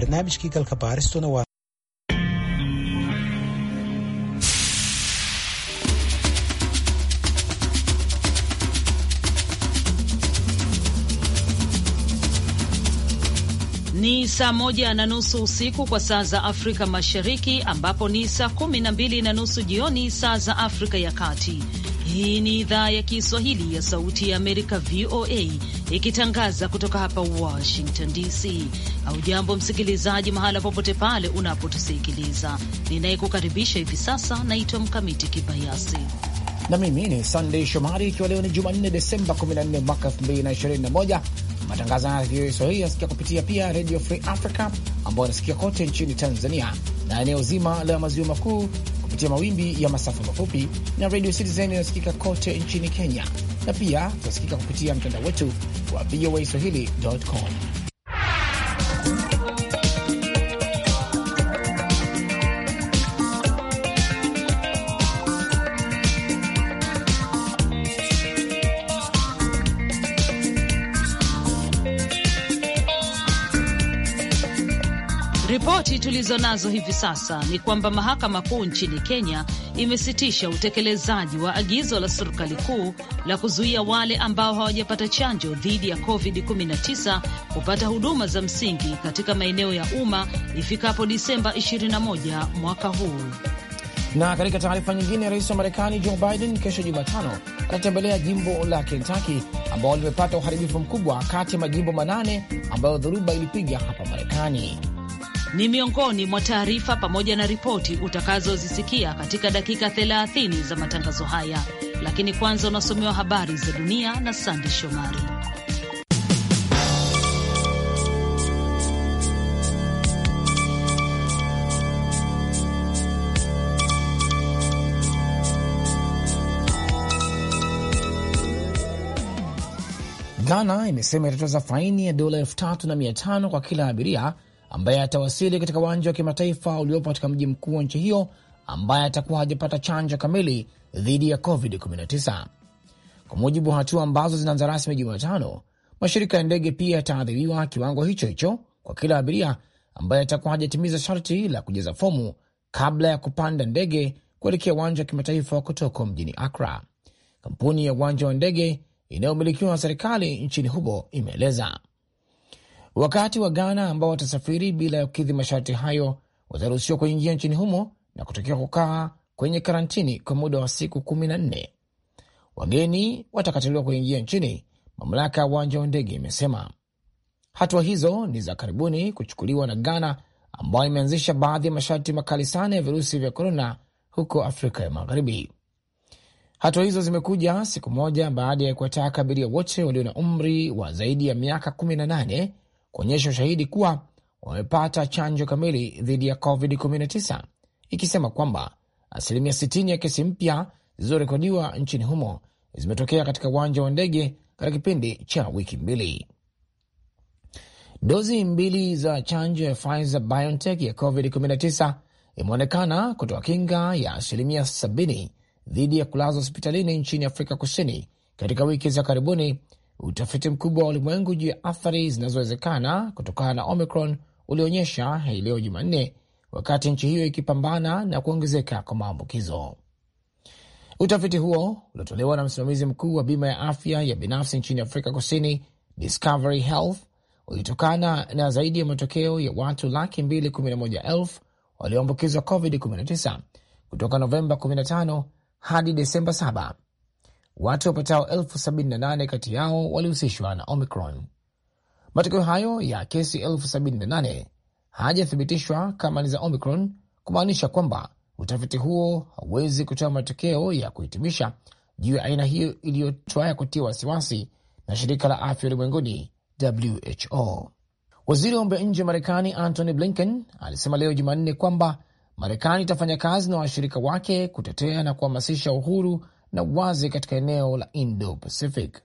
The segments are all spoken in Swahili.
barnaamijkii galka baaristuna waa ni saa moja na nusu usiku kwa saa za Afrika Mashariki, ambapo ni saa kumi na mbili na nusu jioni saa za Afrika ya Kati. Hii ni idhaa ya Kiswahili ya Sauti ya Amerika, VOA, ikitangaza kutoka hapa Washington DC. Haujambo msikilizaji, mahala popote pale unapotusikiliza. Ninayekukaribisha hivi sasa naitwa Mkamiti Kibayasi na mimi ni Sandey Shomari, ikiwa leo ni Jumanne Desemba 14 mwaka 2021. Matangazo ya ya Kiswahili yanasikia kupitia pia Radio Free Africa ambayo yanasikia kote nchini Tanzania na eneo zima la maziwa makuu kupitia mawimbi ya masafa mafupi na Radio Citizen inasikika kote nchini Kenya, na pia tunasikika kupitia mtandao wetu wa VOA swahili.com. Ripoti tulizo nazo hivi sasa ni kwamba mahakama kuu nchini Kenya imesitisha utekelezaji wa agizo la serikali kuu la kuzuia wale ambao hawajapata chanjo dhidi ya COVID-19 kupata huduma za msingi katika maeneo ya umma ifikapo Disemba 21 mwaka huu. Na katika taarifa nyingine, rais wa Marekani Joe Biden kesho Jumatano atatembelea jimbo la kentaki ambao limepata uharibifu mkubwa kati ya majimbo manane ambayo dhoruba ilipiga hapa Marekani ni miongoni mwa taarifa pamoja na ripoti utakazozisikia katika dakika 30 za matangazo haya, lakini kwanza unasomewa habari za dunia na Sande Shomari. Ghana imesema itatoza faini ya dola elfu tatu na mia tano kwa kila abiria ambaye atawasili katika uwanja wa kimataifa uliopo katika mji mkuu wa nchi hiyo ambaye atakuwa hajapata chanjo kamili dhidi ya COVID-19. Kwa mujibu wa hatua ambazo zinaanza rasmi Jumatano, mashirika ya ndege pia yataadhibiwa kiwango hicho hicho kwa kila abiria ambaye atakuwa hajatimiza sharti la kujaza fomu kabla ya kupanda ndege kuelekea uwanja wa kimataifa wa Kotoko mjini Accra. Kampuni ya uwanja wa ndege inayomilikiwa na serikali nchini humo imeeleza Wakati wa Ghana ambao watasafiri bila ya kukidhi masharti hayo wataruhusiwa kuingia nchini humo na kutokea kukaa kwenye karantini kwa muda wa siku kumi na nne. Wageni watakataliwa kuingia nchini, mamlaka ya uwanja wa ndege imesema. Hatua hizo ni za karibuni kuchukuliwa na Ghana ambayo imeanzisha baadhi ya masharti makali sana ya virusi vya korona huko Afrika ya Magharibi. Hatua hizo zimekuja siku moja baada ya kuwataka abiria wote walio na umri wa zaidi ya miaka nane kuonyesha ushahidi kuwa wamepata chanjo kamili dhidi ya COVID-19, ikisema kwamba asilimia 60 ya kesi mpya zilizorekodiwa nchini humo zimetokea katika uwanja wa ndege katika kipindi cha wiki mbili. Dozi mbili za chanjo ya Pfizer BioNTech ya COVID-19 imeonekana kutoa kinga ya asilimia 70 dhidi ya kulazwa hospitalini nchini Afrika Kusini katika wiki za karibuni, Utafiti mkubwa wa ulimwengu juu ya athari zinazowezekana kutokana na Omicron ulionyesha hii leo Jumanne, wakati nchi hiyo ikipambana na kuongezeka kwa maambukizo. Utafiti huo uliotolewa na msimamizi mkuu wa bima ya afya ya binafsi nchini Afrika Kusini, Discovery Health, ulitokana na zaidi ya matokeo ya watu laki mbili kumi na moja elfu walioambukizwa COVID-19 kutoka Novemba 15 hadi Desemba 7 watu wapatao elfu sabini na nane kati yao walihusishwa na Omicron. Matokeo hayo ya kesi elfu sabini na nane hajathibitishwa kama ni za Omicron, kumaanisha kwamba utafiti huo hauwezi kutoa matokeo ya kuhitimisha juu ya aina hiyo iliyotoa ya kutia wasiwasi na shirika la afya ulimwenguni WHO. Waziri wa mambo ya nje wa Marekani Antony Blinken alisema leo Jumanne kwamba Marekani itafanya kazi na washirika wake kutetea na kuhamasisha uhuru na uwazi katika eneo la Indo Pacific.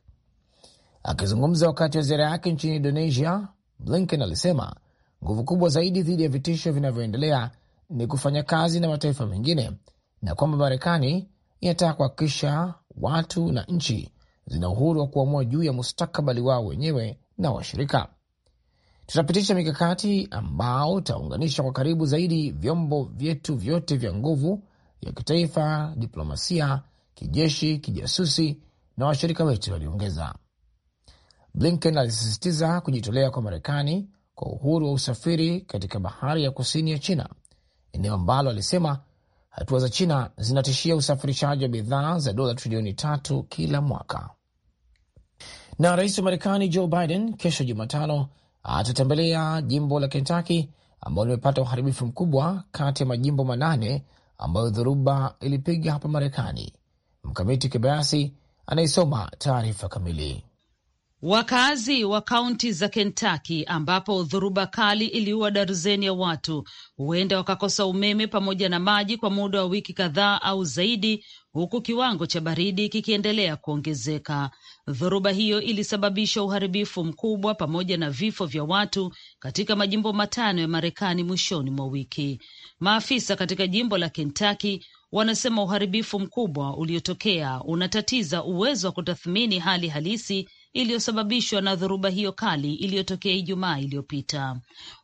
Akizungumza wakati wa ziara yake nchini Indonesia, Blinken alisema nguvu kubwa zaidi dhidi ya vitisho vinavyoendelea ni kufanya kazi na mataifa mengine na kwamba Marekani inataka kuhakikisha watu na nchi zina uhuru wa kuamua juu ya mustakabali wao wenyewe na washirika. Tutapitisha mikakati ambao utaunganisha kwa karibu zaidi vyombo vyetu vyote vya nguvu ya kitaifa, diplomasia kijeshi, kijasusi na washirika wetu, waliongeza. Blinken alisisitiza kujitolea kwa Marekani kwa uhuru wa usafiri katika bahari ya kusini ya China, eneo ambalo alisema hatua za China zinatishia usafirishaji wa bidhaa za dola trilioni tatu kila mwaka. Na rais wa Marekani Joe Biden kesho Jumatano atatembelea jimbo la Kentucky ambalo limepata uharibifu mkubwa kati ya majimbo manane ambayo dhoruba ilipiga hapa Marekani Mkamiti Kibayasi anaisoma taarifa kamili. Wakazi wa kaunti za Kentaki ambapo dhoruba kali iliua darzeni ya watu huenda wakakosa umeme pamoja na maji kwa muda wa wiki kadhaa au zaidi, huku kiwango cha baridi kikiendelea kuongezeka. Dhoruba hiyo ilisababisha uharibifu mkubwa pamoja na vifo vya watu katika majimbo matano ya Marekani mwishoni mwa wiki. Maafisa katika jimbo la Kentaki wanasema uharibifu mkubwa uliotokea unatatiza uwezo wa kutathmini hali halisi iliyosababishwa na dhoruba hiyo kali iliyotokea Ijumaa iliyopita.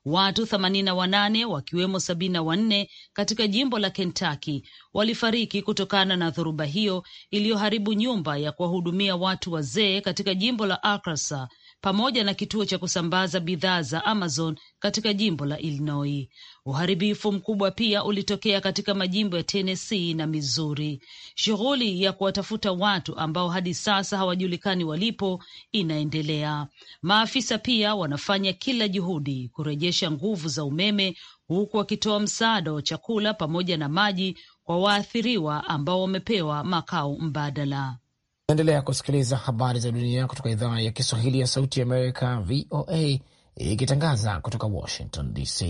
Watu 88 wakiwemo 74 katika jimbo la Kentucky walifariki kutokana na dhoruba hiyo iliyoharibu nyumba ya kuwahudumia watu wazee katika jimbo la Arkansas pamoja na kituo cha kusambaza bidhaa za Amazon katika jimbo la Illinois. Uharibifu mkubwa pia ulitokea katika majimbo ya Tennessee na Missouri. Shughuli ya kuwatafuta watu ambao hadi sasa hawajulikani walipo inaendelea. Maafisa pia wanafanya kila juhudi kurejesha nguvu za umeme huku wakitoa msaada wa chakula pamoja na maji kwa waathiriwa ambao wamepewa makao mbadala. Naendelea kusikiliza habari za dunia kutoka idhaa ya Kiswahili ya Sauti ya Amerika, VOA, ikitangaza kutoka Washington DC.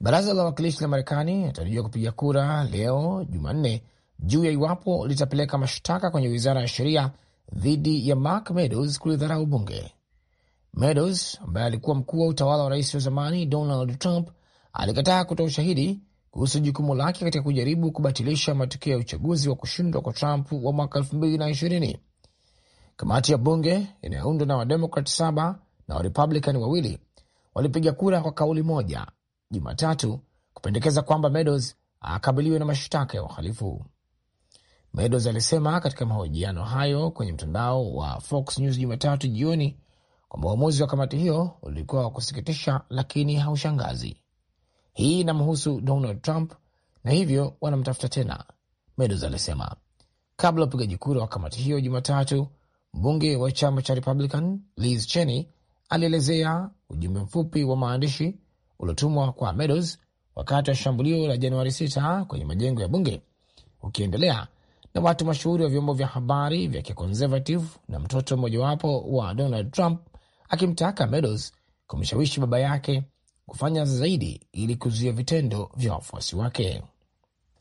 Baraza la wakilishi la Marekani linatarajiwa kupiga kura leo Jumanne juu ya iwapo litapeleka mashtaka kwenye wizara ya sheria dhidi ya Mark Meadows kulidharau bunge. Meadows ambaye alikuwa mkuu wa utawala wa rais wa zamani Donald Trump alikataa kutoa ushahidi kuhusu jukumu lake katika kujaribu kubatilisha matokeo ya uchaguzi wa kushindwa kwa Trump wa mwaka elfu mbili na ishirini. Kamati ya bunge inayoundwa na Wademokrat saba na Warepublican wawili walipiga kura kwa kauli moja Jumatatu kupendekeza kwamba Meadows akabiliwe na mashtaka ya uhalifu. Meadows alisema katika mahojiano hayo kwenye mtandao wa Fox News Jumatatu jioni kwamba uamuzi wa kamati hiyo ulikuwa wa kusikitisha, lakini haushangazi. Hii inamhusu Donald Trump na hivyo wanamtafuta tena, Meadows alisema kabla ya upigaji kura wa kamati hiyo Jumatatu. Mbunge wa chama cha Republican Liz Cheney alielezea ujumbe mfupi wa maandishi uliotumwa kwa Meadows wakati wa shambulio la Januari 6 kwenye majengo ya bunge ukiendelea na watu mashuhuri wa vyombo vya habari vya kiconservative na mtoto mmojawapo wa Donald Trump akimtaka Meadows kumshawishi baba yake kufanya zaidi ili kuzuia vitendo vya wafuasi wake.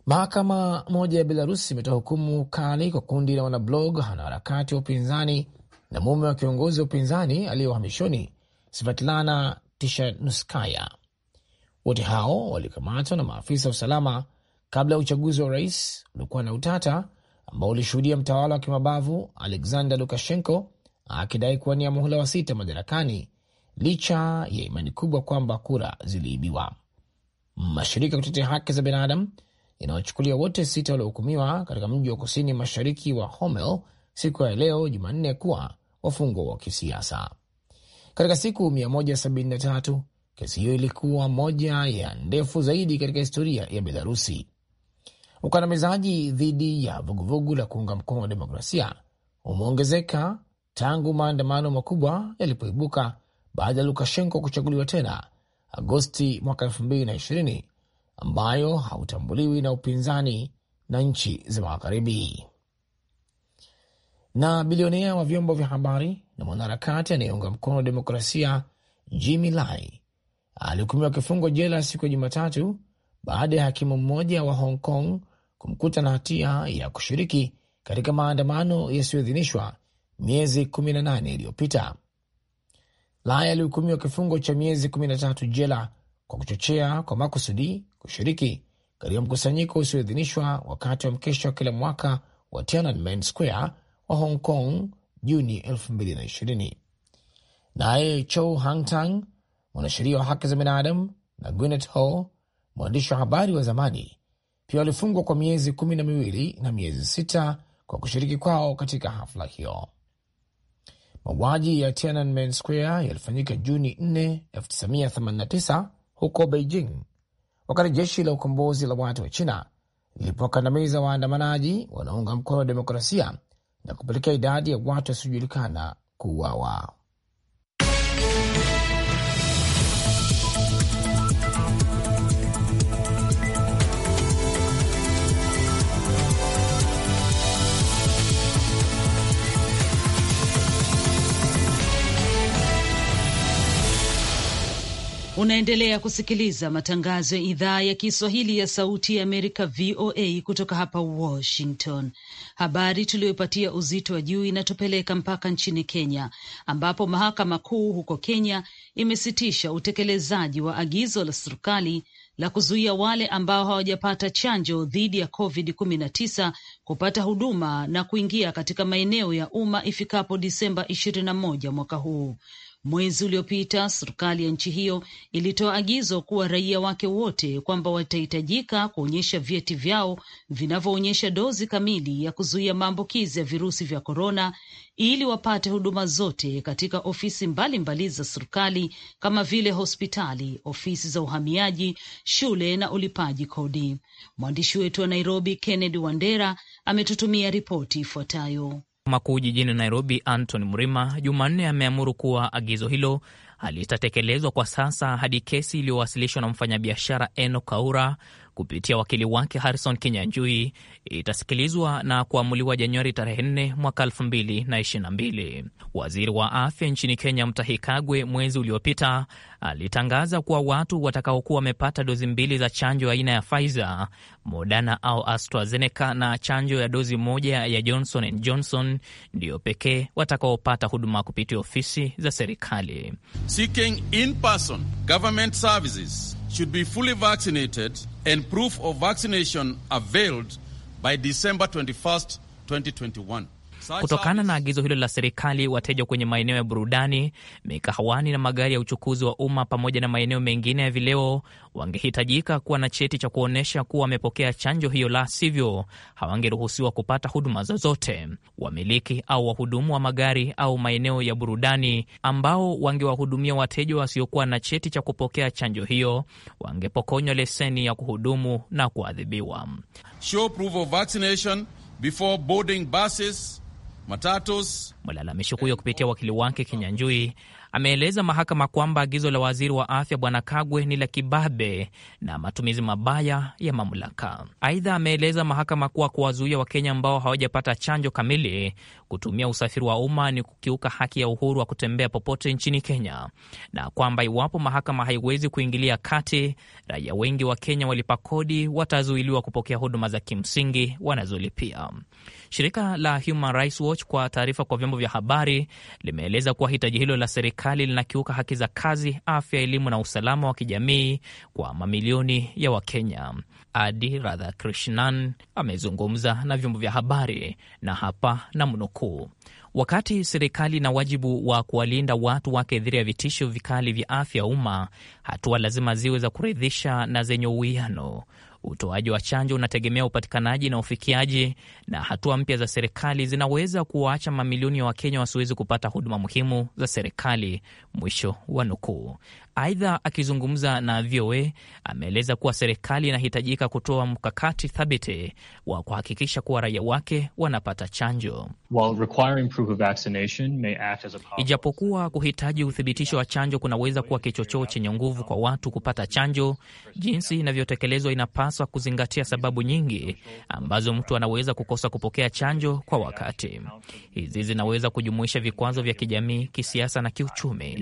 Mahakama moja ya Belarus imetoa hukumu kali kwa kundi la wanablog, wanaharakati wa upinzani na mume wa kiongozi wa upinzani aliye uhamishoni Svetlana Tishanuskaya. Wote hao walikamatwa na maafisa wa usalama kabla ya uchaguzi wa rais uliokuwa na utata ambao ulishuhudia mtawala wa kimabavu Alexander Lukashenko akidai kuwania muhula wa sita madarakani licha ya imani kubwa kwamba kura ziliibiwa. Mashirika ya kutetea haki za binadamu inawachukulia wote sita waliohukumiwa katika mji wa kusini mashariki wa Homel siku ya leo Jumanne kuwa wafungwa wa kisiasa. Katika siku 173 kesi hiyo ilikuwa moja ya ndefu zaidi katika historia ya Belarusi. Ukandamizaji dhidi ya vuguvugu la kuunga mkono wa demokrasia umeongezeka tangu maandamano makubwa yalipoibuka baada ya Lukashenko kuchaguliwa tena Agosti mwaka ishirini, ambayo hautambuliwi na upinzani na nchi za Magharibi. Na bilionea wa vyombo vya habari na mwanaharakati anayeunga mkono demokrasia Jimmy Lai alihukumiwa kifungo jela siku ya Jumatatu baada ya hakimu mmoja wa Hong Kong kumkuta na hatia ya kushiriki katika maandamano yasiyoidhinishwa miezi 18 iliyopita. Laya alihukumiwa kifungo cha miezi 13 jela kwa kuchochea kwa makusudi kushiriki katika mkusanyiko usioidhinishwa wakati wa mkesho wa kila mwaka wa Tiananmen Square wa Hong Kong Juni 2020. Naye Chow Hang Tang, mwanasheria wa haki za binadamu na Gwinet Ho, mwandishi wa habari wa zamani, pia walifungwa kwa miezi kumi na miwili na miezi sita kwa kushiriki kwao katika hafla hiyo. Mauaji ya Tiananmen Square yalifanyika Juni 4, 1989 huko Beijing, wakati jeshi la ukombozi la watu wa China lilipokandamiza waandamanaji wanaunga mkono demokrasia na kupelekea idadi ya watu wasiojulikana kuuawa. Unaendelea kusikiliza matangazo ya idhaa ya Kiswahili ya Sauti ya Amerika, VOA, kutoka hapa Washington. Habari tuliyoipatia uzito wa juu inatupeleka mpaka nchini Kenya, ambapo mahakama kuu huko Kenya imesitisha utekelezaji wa agizo la serikali la kuzuia wale ambao hawajapata chanjo dhidi ya COVID-19 kupata huduma na kuingia katika maeneo ya umma ifikapo Disemba 21 mwaka huu. Mwezi uliopita serikali ya nchi hiyo ilitoa agizo kuwa raia wake wote kwamba watahitajika kuonyesha vyeti vyao vinavyoonyesha dozi kamili ya kuzuia maambukizi ya virusi vya korona ili wapate huduma zote katika ofisi mbalimbali za serikali kama vile hospitali, ofisi za uhamiaji, shule na ulipaji kodi. Mwandishi wetu wa Nairobi Kennedy Wandera ametutumia ripoti ifuatayo. Makuu jijini Nairobi, Anthony Mrima Jumanne ameamuru kuwa agizo hilo halitatekelezwa kwa sasa hadi kesi iliyowasilishwa na mfanyabiashara eno Kaura kupitia wakili wake Harrison Kinyanjui itasikilizwa na kuamuliwa Januari tarehe 4 mwaka mbili. Waziri wa afya nchini Kenya mtahikagwe Kagwe mwezi uliopita alitangaza kuwa watu watakaokuwa wamepata dozi mbili za chanjo aina ya Pfizer, Moderna au AstraZeneca na chanjo ya dozi moja ya Johnson and Johnson ndiyo pekee watakaopata huduma kupitia ofisi za serikali. Seeking in person government services should be fully vaccinated and proof of vaccination availed by December 21st, 2021. Kutokana na agizo hilo la serikali, wateja kwenye maeneo ya burudani, mikahawani na magari ya uchukuzi wa umma pamoja na maeneo mengine ya vileo wangehitajika kuwa na cheti cha kuonyesha kuwa wamepokea chanjo hiyo, la sivyo hawangeruhusiwa kupata huduma zozote. Wamiliki au wahudumu wa magari au maeneo ya burudani ambao wangewahudumia wateja wasiokuwa na cheti cha kupokea chanjo hiyo wangepokonywa leseni ya kuhudumu na kuadhibiwa. Show proof of vaccination before boarding buses Matatus. Mlalamishi huyo kupitia wakili wake Kinyanjui ameeleza mahakama kwamba agizo la waziri wa afya Bwana Kagwe ni la kibabe na matumizi mabaya ya mamlaka. Aidha, ameeleza mahakama kuwa kuwazuia Wakenya ambao hawajapata chanjo kamili kutumia usafiri wa umma ni kukiuka haki ya uhuru wa kutembea popote nchini Kenya, na kwamba iwapo mahakama haiwezi kuingilia kati, raia wengi wa Kenya walipa kodi watazuiliwa kupokea huduma za kimsingi wanazolipia. Shirika la Human Rights Watch kwa taarifa kwa vyombo vya habari limeeleza kuwa hitaji hilo la serikali linakiuka haki za kazi, afya, elimu na usalama wa kijamii kwa mamilioni ya Wakenya. Adi Radhakrishnan amezungumza na vyombo vya habari na hapa na mnukuu: Wakati serikali ina wajibu wa kuwalinda watu wake dhidi ya vitisho vikali vya afya ya umma, hatua lazima ziwe za kuridhisha na zenye uwiano. Utoaji wa chanjo unategemea upatikanaji na ufikiaji, na hatua mpya za serikali zinaweza kuwaacha mamilioni ya Wakenya wasiwezi kupata huduma muhimu za serikali. Mwisho wa nukuu. Aidha, akizungumza na VOA ameeleza kuwa serikali inahitajika kutoa mkakati thabiti wa kuhakikisha kuwa raia wake wanapata chanjo. Ijapokuwa kuhitaji uthibitisho wa chanjo kunaweza kuwa kichochoo chenye nguvu kwa watu kupata chanjo, jinsi inavyotekelezwa inapaswa kuzingatia sababu nyingi ambazo mtu anaweza kukosa kupokea chanjo kwa wakati. Hizi zinaweza kujumuisha vikwazo vya kijamii, kisiasa na kiuchumi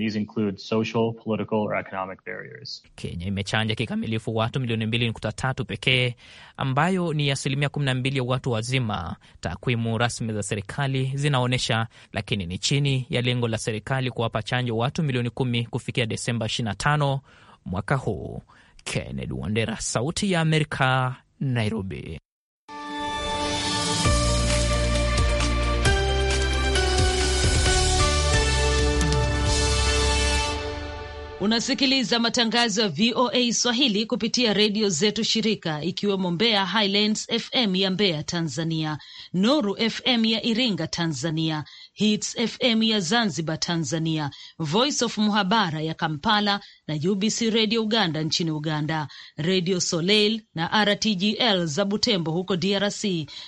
or economic barriers. Kenya imechanja kikamilifu watu milioni 2.3 pekee ambayo ni asilimia 12 ya watu wazima, takwimu rasmi za serikali zinaonyesha, lakini ni chini ya lengo la serikali kuwapa chanjo watu milioni 10 kufikia Desemba 25 mwaka huu. Kennedy Wandera, Sauti ya Amerika, Nairobi. Unasikiliza matangazo ya VOA Swahili kupitia redio zetu shirika, ikiwemo Mbeya Highlands FM ya Mbeya Tanzania, Noru FM ya Iringa Tanzania, Hits FM ya Zanzibar Tanzania, Voice of Muhabara ya Kampala na UBC Radio Uganda nchini Uganda, Radio Soleil na RTGL za Butembo huko DRC,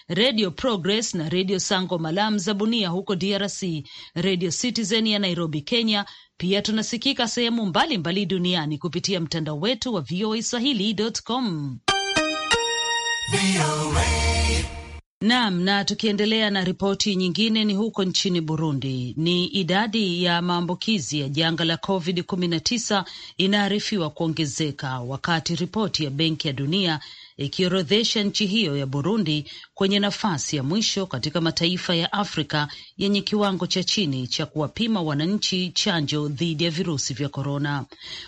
Radio Progress na Radio Sango Malam za Bunia huko DRC, Radio Citizen ya Nairobi Kenya, pia tunasikika sehemu mbalimbali duniani kupitia mtandao wetu wa VOA Swahili.com. Naam, na tukiendelea na ripoti nyingine ni huko nchini Burundi. Ni idadi ya maambukizi ya janga la COVID-19 inaarifiwa kuongezeka wakati ripoti ya Benki ya Dunia ikiorodhesha nchi hiyo ya Burundi kwenye nafasi ya mwisho katika mataifa ya Afrika yenye kiwango cha chini cha kuwapima wananchi chanjo dhidi ya virusi vya korona.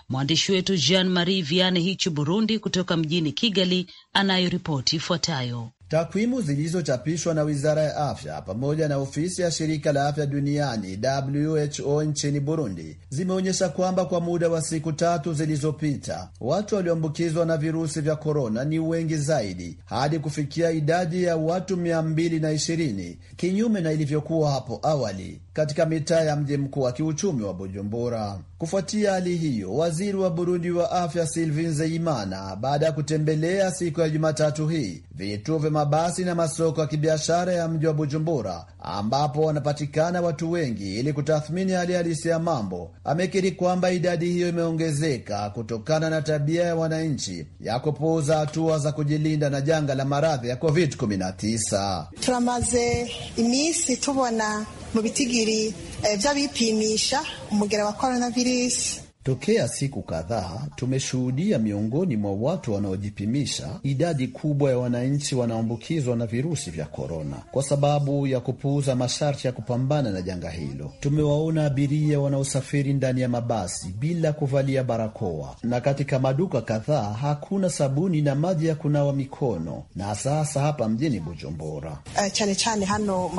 Mwandishi wetu Jean Marie Viane Hichu Burundi kutoka mjini Kigali anayoripoti ifuatayo. Takwimu zilizochapishwa na Wizara ya Afya pamoja na ofisi ya Shirika la Afya Duniani WHO nchini Burundi zimeonyesha kwamba kwa muda wa siku tatu zilizopita watu walioambukizwa na virusi vya korona ni wengi zaidi hadi kufikia idadi ya watu 220 kinyume na ilivyokuwa hapo awali katika mitaa ya mji mkuu wa kiuchumi wa Bujumbura. Kufuatia hali hiyo, waziri wa Burundi wa afya sylvin zeimana baada ya kutembelea siku ya Jumatatu hii vituo vya mabasi na masoko ya kibiashara ya mji wa Bujumbura ambapo wanapatikana watu wengi ili kutathmini hali halisi ya mambo, amekiri kwamba idadi hiyo imeongezeka kutokana na tabia ya wananchi ya kupuuza hatua za kujilinda na janga la maradhi ya COVID-19. turamaze imisi tubona mubitigiri bitigiri eh, vy'abipimisha umugera wa coronavirus Tokea siku kadhaa tumeshuhudia miongoni mwa watu wanaojipimisha idadi kubwa ya wananchi wanaambukizwa na virusi vya korona kwa sababu ya kupuuza masharti ya kupambana na janga hilo. Tumewaona abiria wanaosafiri ndani ya mabasi bila kuvalia barakoa, na katika maduka kadhaa hakuna sabuni na maji ya kunawa mikono, na sasa hapa mjini Bujumbura, uh, chane chane hano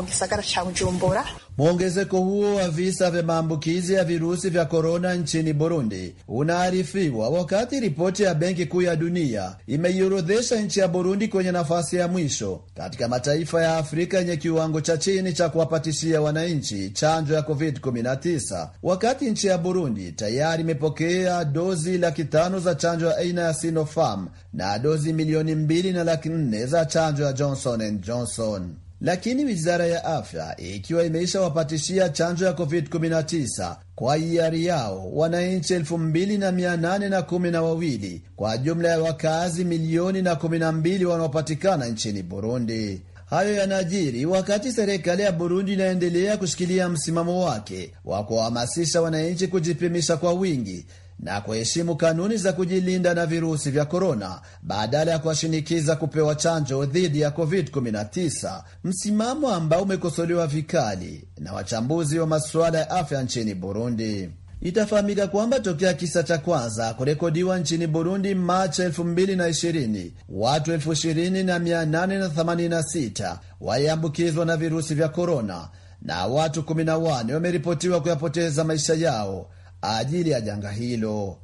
Bujumbura Mwongezeko huo wa visa vya maambukizi ya virusi vya korona nchini Burundi unaarifiwa wakati ripoti ya Benki Kuu ya Dunia imeiorodhesha nchi ya Burundi kwenye nafasi ya mwisho katika mataifa ya Afrika yenye kiwango cha chini cha kuwapatishia wananchi chanjo ya COVID-19, wakati nchi ya Burundi tayari imepokea dozi laki tano za chanjo ya aina ya Sinopharm na dozi milioni mbili na laki nne za chanjo ya Johnson and Johnson lakini wizara ya afya ikiwa wapatishia chanjo ya COVID-19 kwa hiari yao wananchi elfu mbili na mia nane na kumi na wawili kwa jumla ya wakazi milioni na kumi na mbili wanaopatikana nchini Burundi. Hayo yanajiri wakati serikali ya Burundi inaendelea kushikilia msimamo wake wa kuwahamasisha wananchi kujipimisha kwa wingi na kuheshimu kanuni za kujilinda na virusi vya korona badala ya kuwashinikiza kupewa chanjo dhidi ya COVID-19, msimamo ambao umekosolewa vikali na wachambuzi wa masuala ya afya nchini Burundi. Itafahamika kwamba tokea kisa cha kwanza kurekodiwa nchini Burundi Machi 2020 watu 20,886 waliambukizwa na virusi vya korona na watu 14 wameripotiwa kuyapoteza maisha yao ajili ya janga hilo.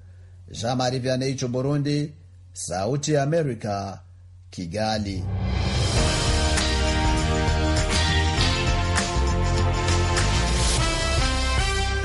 Jean Marie Vianney, Burundi, Sauti ya Amerika, Kigali.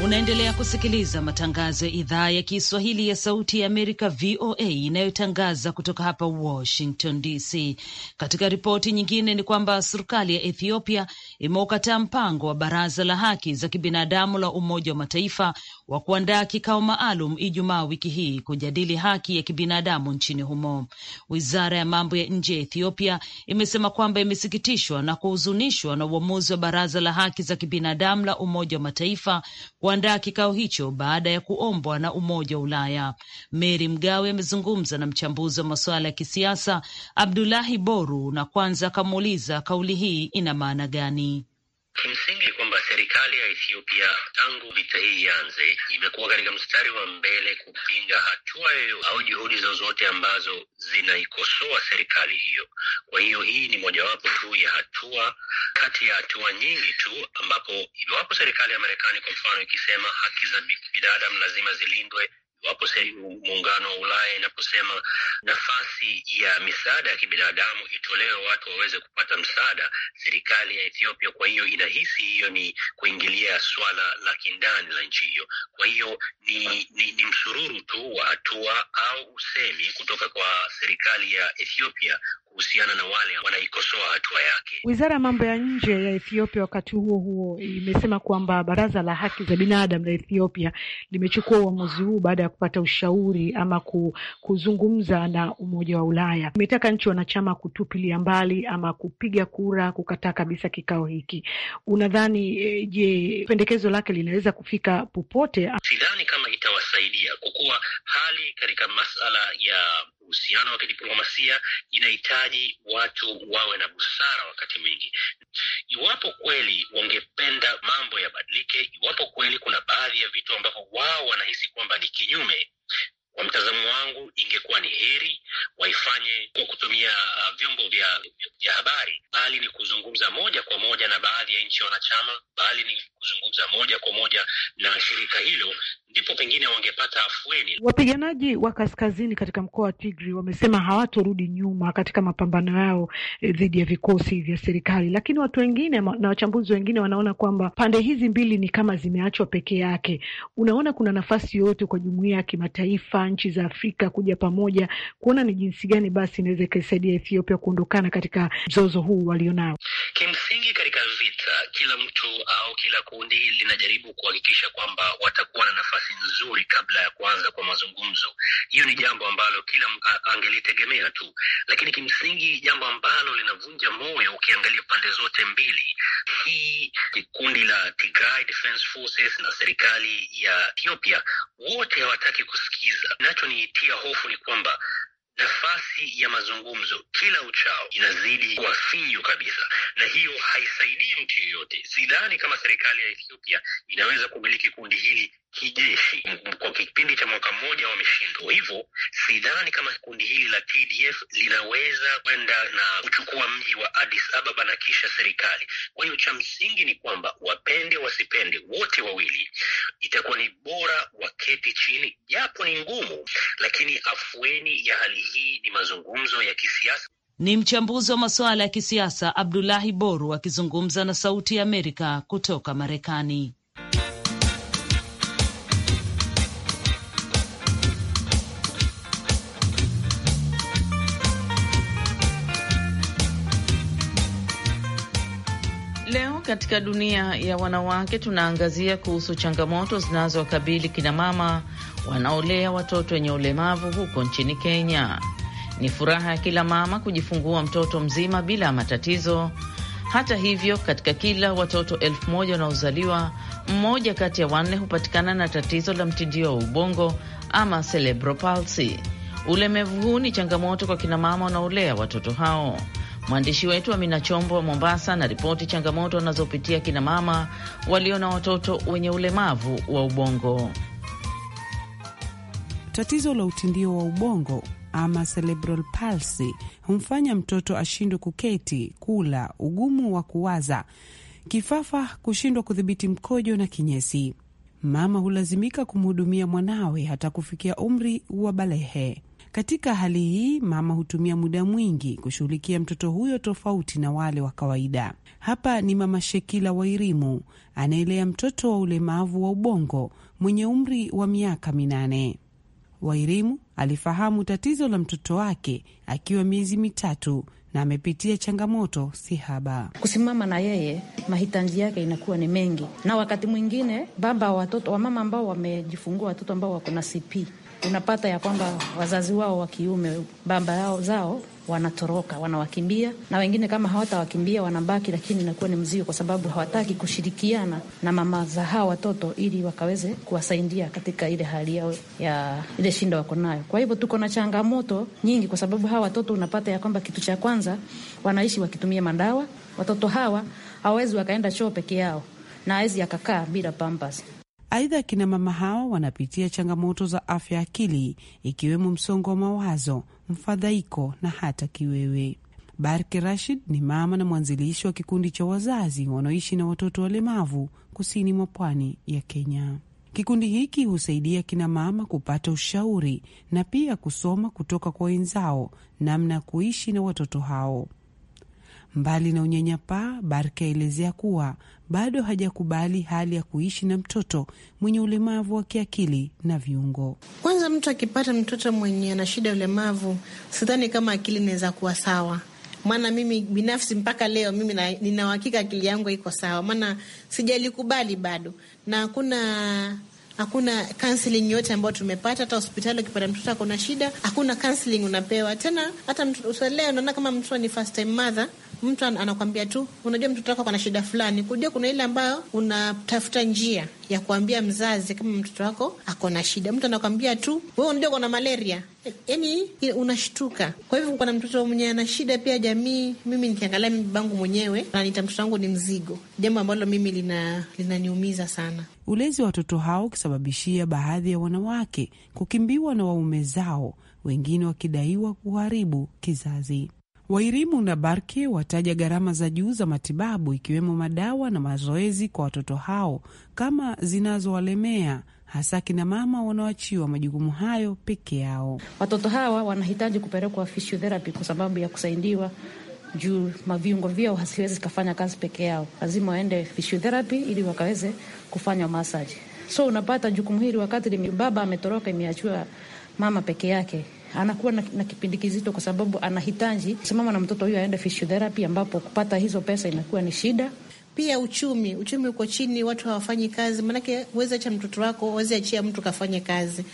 Unaendelea kusikiliza matangazo ya idhaa ya Kiswahili ya Sauti ya Amerika, VOA, inayotangaza kutoka hapa Washington DC. Katika ripoti nyingine ni kwamba serikali ya Ethiopia imeukataa mpango wa Baraza la Haki za Kibinadamu la Umoja wa Mataifa wa kuandaa kikao maalum Ijumaa wiki hii kujadili haki ya kibinadamu nchini humo. Wizara ya mambo ya nje ya Ethiopia imesema kwamba imesikitishwa na kuhuzunishwa na uamuzi wa Baraza la Haki za Kibinadamu la Umoja wa Mataifa kwa kuandaa kikao hicho baada ya kuombwa na Umoja wa Ulaya. Meri Mgawe amezungumza na mchambuzi wa masuala ya kisiasa Abdulahi Boru na kwanza akamuuliza kauli hii ina maana gani? Kimsingi Serikali ya Ethiopia tangu vita hii ianze, imekuwa katika mstari wa mbele kupinga hatua yoyo au juhudi zozote ambazo zinaikosoa serikali hiyo. Kwa hiyo hii ni mojawapo tu ya hatua kati ya hatua nyingi tu, ambapo iwapo serikali ya Marekani kwa mfano ikisema haki za binadamu lazima zilindwe wapo muungano wa Ulaya inaposema nafasi ya misaada ya kibinadamu itolewe watu waweze kupata msaada, serikali ya Ethiopia kwa hiyo inahisi hiyo ni kuingilia swala la kindani la nchi hiyo. Kwa hiyo ni, ni, ni msururu tu wa hatua au usemi kutoka kwa serikali ya Ethiopia kuhusiana na wale wanaikosoa hatua yake. Wizara ya mambo ya nje ya Ethiopia wakati huo huo imesema kwamba baraza la haki za binadamu la Ethiopia limechukua uamuzi huu baada ya kupata ushauri ama kuzungumza na Umoja wa Ulaya. Imetaka nchi wanachama kutupilia mbali ama kupiga kura kukataa kabisa kikao hiki. Unadhani eh, je, pendekezo lake linaweza kufika popote? Sidhani kama itawasaidia kwa kuwa hali katika masala ya uhusiano wa kidiplomasia inahitaji watu wawe na busara wakati mwingi. Iwapo kweli wangependa mambo yabadilike, iwapo kweli kuna baadhi ya vitu ambavyo wao wanahisi kwamba ni kinyume kwa mtazamo wangu, ingekuwa ni heri waifanye kwa kutumia uh, vyombo vya, vya habari, bali ni kuzungumza moja kwa moja na baadhi ya nchi wanachama, bali ni kuzungumza moja kwa moja na shirika hilo, ndipo pengine wangepata afueni. Wapiganaji wa kaskazini katika mkoa wa Tigri wamesema hawatorudi nyuma katika mapambano yao e, dhidi ya vikosi vya serikali, lakini watu wengine na wachambuzi wengine wanaona kwamba pande hizi mbili ni kama zimeachwa peke yake. Unaona kuna nafasi yoyote kwa jumuiya ya kimataifa hapa nchi za Afrika kuja pamoja kuona ni jinsi gani basi inaweza ikaisaidia Ethiopia kuondokana katika mzozo huu walionao. Uh, kila mtu uh, au kila kundi linajaribu kuhakikisha kwamba watakuwa na nafasi nzuri kabla ya kuanza kwa mazungumzo. Hiyo ni jambo ambalo kila uh, angelitegemea tu, lakini kimsingi jambo ambalo linavunja moyo ukiangalia pande zote mbili, hii kundi la Tigray Forces na serikali ya Ethiopia, wote hawataki kusikiza. Kinachonitia hofu ni kwamba nafasi ya mazungumzo kila uchao inazidi kuwa finyu kabisa, na hiyo haisaidii mtu yoyote. Sidhani kama serikali ya Ethiopia inaweza kumiliki kundi hili kijeshi kwa kipindi cha mwaka mmoja wameshindwa. Hivyo sidhani kama kundi hili la TDF linaweza kwenda na kuchukua mji wa Addis Ababa na kisha serikali. Kwa hiyo cha msingi ni kwamba wapende wasipende, wote wawili itakuwa ni bora waketi chini, japo ni ngumu, lakini afueni ya hali hii ni mazungumzo ya kisiasa. Ni mchambuzi wa masuala ya kisiasa Abdulahi Boru akizungumza na Sauti ya Amerika kutoka Marekani. katika dunia ya wanawake tunaangazia kuhusu changamoto zinazowakabili kinamama wanaolea watoto wenye ulemavu huko nchini Kenya. Ni furaha ya kila mama kujifungua mtoto mzima bila matatizo. Hata hivyo, katika kila watoto elfu moja wanaozaliwa, mmoja kati ya wanne hupatikana na tatizo la mtindio wa ubongo ama cerebral palsy. Ulemavu huu ni changamoto kwa kinamama wanaolea watoto hao. Mwandishi wetu Amina Chombo wa Mombasa na ripoti changamoto wanazopitia kina mama walio na watoto wenye ulemavu wa ubongo. Tatizo la utindio wa ubongo ama cerebral palsy humfanya mtoto ashindwe kuketi, kula, ugumu wa kuwaza, kifafa, kushindwa kudhibiti mkojo na kinyesi. Mama hulazimika kumhudumia mwanawe hata kufikia umri wa balehe. Katika hali hii, mama hutumia muda mwingi kushughulikia mtoto huyo, tofauti na wale wa kawaida. Hapa ni mama Shekila Wairimu anaelea mtoto wa ulemavu wa ubongo mwenye umri wa miaka minane. Wairimu alifahamu tatizo la mtoto wake akiwa miezi mitatu na amepitia changamoto si haba. Kusimama na yeye, mahitaji yake inakuwa ni mengi, na wakati mwingine baba wa watoto wa mama ambao wamejifungua watoto ambao wako na CP unapata ya kwamba wazazi wao wa kiume baba yao zao wanatoroka wanawakimbia, na wengine kama hawatawakimbia wanabaki, lakini inakuwa ni mzigo, kwa sababu hawataki kushirikiana na mama za hawa watoto ili wakaweze kuwasaidia katika ile hali yao ya ile shinda wako nayo. Kwa hivyo tuko na changamoto nyingi, kwa sababu hawa watoto unapata ya kwamba kitu cha kwanza wanaishi wakitumia madawa. Watoto hawa hawawezi wakaenda choo peke yao na awezi akakaa bila pampas. Aidha, akina mama hawa wanapitia changamoto za afya akili, ikiwemo msongo wa mawazo, mfadhaiko na hata kiwewe. Barke Rashid ni mama na mwanzilishi wa kikundi cha wazazi wanaoishi na watoto walemavu kusini mwa pwani ya Kenya. Kikundi hiki husaidia kina mama kupata ushauri na pia kusoma kutoka kwa wenzao namna ya kuishi na watoto hao. Mbali na unyanyapaa, Barke aelezea kuwa bado hajakubali hali ya kuishi na mtoto mwenye ulemavu wa kiakili na viungo. Kwanza, mtu akipata mtoto mwenye ana shida ya ulemavu, sidhani kama akili inaweza kuwa sawa maana mimi binafsi mpaka leo mimi nina uhakika akili yangu iko sawa, maana sijalikubali bado, na hakuna hakuna counseling yote ambayo tumepata. Hata hospitali ukipata mtoto ako na shida, hakuna counseling unapewa tena. Hata leo naona kama mtoto ni first time mother mtu anakwambia tu, unajua mtoto wako ana shida fulani. Kujua kuna ile ambayo unatafuta njia ya kuambia mzazi kama mtoto wako ako na shida. Mtu anakwambia tu, we unajua kuna malaria, yani unashtuka. Kwa hivyo kuna mtoto mwenye ana shida pia jamii. Mimi nikiangalia mimi mwenyewe ananiita mtoto wangu ni mzigo, jambo ambalo mimi lina linaniumiza sana. Ulezi wa watoto hao ukisababishia baadhi ya wanawake kukimbiwa na waume zao, wengine wakidaiwa kuharibu kizazi. Wairimu na Barke wataja gharama za juu za matibabu ikiwemo madawa na mazoezi kwa watoto hao kama zinazowalemea hasa kina mama wanaoachiwa majukumu hayo peke yao. Watoto hawa wanahitaji kupelekwa physiotherapy kwa sababu ya kusaidiwa juu maviungo vyao hasiwezi kafanya kazi peke yao, lazima waende physiotherapy ili wakaweze kufanya masaji. So unapata jukumu hili wakati baba ametoroka, imeachiwa mama peke yake anakuwa na, na kipindi kizito, kwa sababu anahitaji simama na mtoto huyo aende physiotherapy, ambapo kupata hizo pesa inakuwa ni shida. Pia uchumi uchumi uko chini, watu hawafanyi kazi, maanake huwezi acha mtoto wako, huwezi achia mtu kafanya kazi.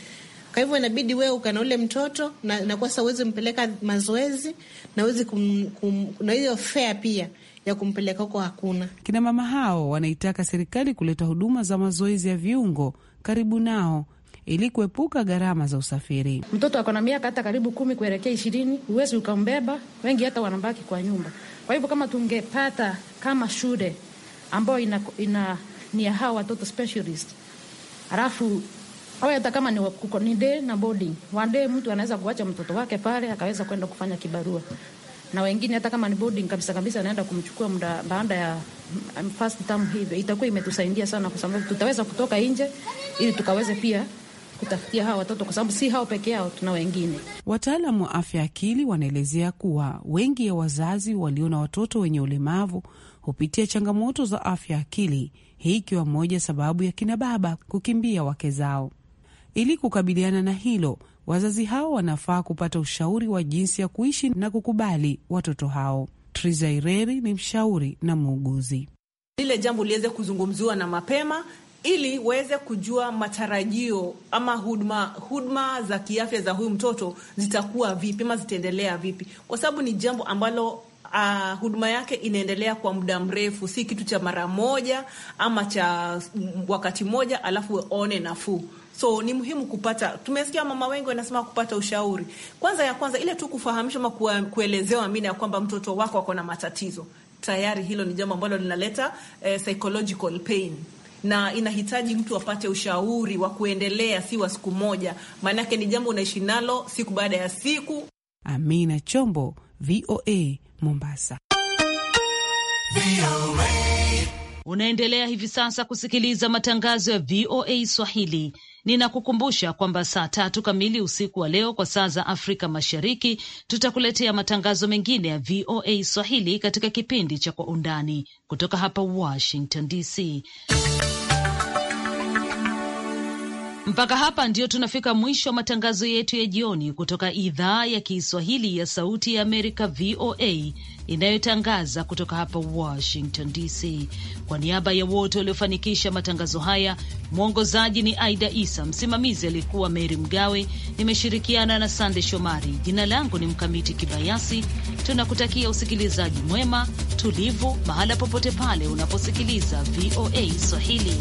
Kwa hivyo inabidi wewe ukana ule mtoto na nakosa uwezi mpeleka mazoezi na uwezi kum, kum, na hiyo fea pia ya kumpeleka huko hakuna. Kina mama hao wanaitaka serikali kuleta huduma za mazoezi ya viungo karibu nao ili kuepuka gharama za usafiri. Mtoto ako na miaka hata karibu kumi kuelekea ishirini, huwezi ukambeba, wengi hata wanabaki kwa nyumba. Kwa hivyo kama tungepata kama shule ambayo ina, ina ni ya hawa watoto specialist, alafu au hata kama ni, ni day na boarding wande, mtu anaweza kuacha mtoto wake pale akaweza kwenda kufanya kibarua na wengine hata kama ni boarding kabisa kabisa, anaenda kumchukua muda baada ya mm, first term. Hivyo itakuwa imetusaidia sana, kwa sababu tutaweza kutoka nje ili tukaweze pia kutafutia hawa watoto, kwa sababu si hao peke yao, tuna wengine. Wataalamu wa afya akili wanaelezea kuwa wengi ya wazazi walio na watoto wenye ulemavu hupitia changamoto za afya akili, hii ikiwa moja sababu ya kina baba kukimbia wake zao. Ili kukabiliana na hilo, wazazi hao wanafaa kupata ushauri wa jinsi ya kuishi na kukubali watoto hao. Trizaireri ni mshauri na muuguzi. Lile jambo liweze kuzungumziwa na mapema ili waweze kujua matarajio ama huduma huduma za kiafya za huyu mtoto zitakuwa vipi ama zitaendelea vipi, kwa sababu ni jambo ambalo Uh, huduma yake inaendelea kwa muda mrefu, si kitu cha mara moja ama cha wakati moja alafu one nafuu. So ni muhimu kupata, tumesikia mama wengi wanasema kupata ushauri kwanza, ya kwanza ile tu kufahamisha ama kuelezewa mina ya kwamba mtoto wako ako na matatizo tayari, hilo ni jambo ambalo linaleta eh, psychological pain na inahitaji mtu apate ushauri wa kuendelea, si wa siku moja, maanake ni jambo unaishi nalo siku baada ya siku. Amina Chombo, VOA Mombasa. Unaendelea hivi sasa kusikiliza matangazo ya VOA Swahili Ninakukumbusha kwamba saa tatu kamili usiku wa leo kwa saa za Afrika Mashariki tutakuletea matangazo mengine ya VOA Swahili katika kipindi cha Kwa Undani kutoka hapa Washington DC. Mpaka hapa ndio tunafika mwisho wa matangazo yetu ya jioni kutoka idhaa ya Kiswahili ya Sauti ya Amerika, VOA, inayotangaza kutoka hapa Washington DC. Kwa niaba ya wote waliofanikisha matangazo haya, mwongozaji ni Aida Isa, msimamizi aliyekuwa Meri Mgawe, nimeshirikiana na Sande Shomari. Jina langu ni Mkamiti Kibayasi. Tunakutakia usikilizaji mwema, tulivu, mahala popote pale unaposikiliza VOA Swahili.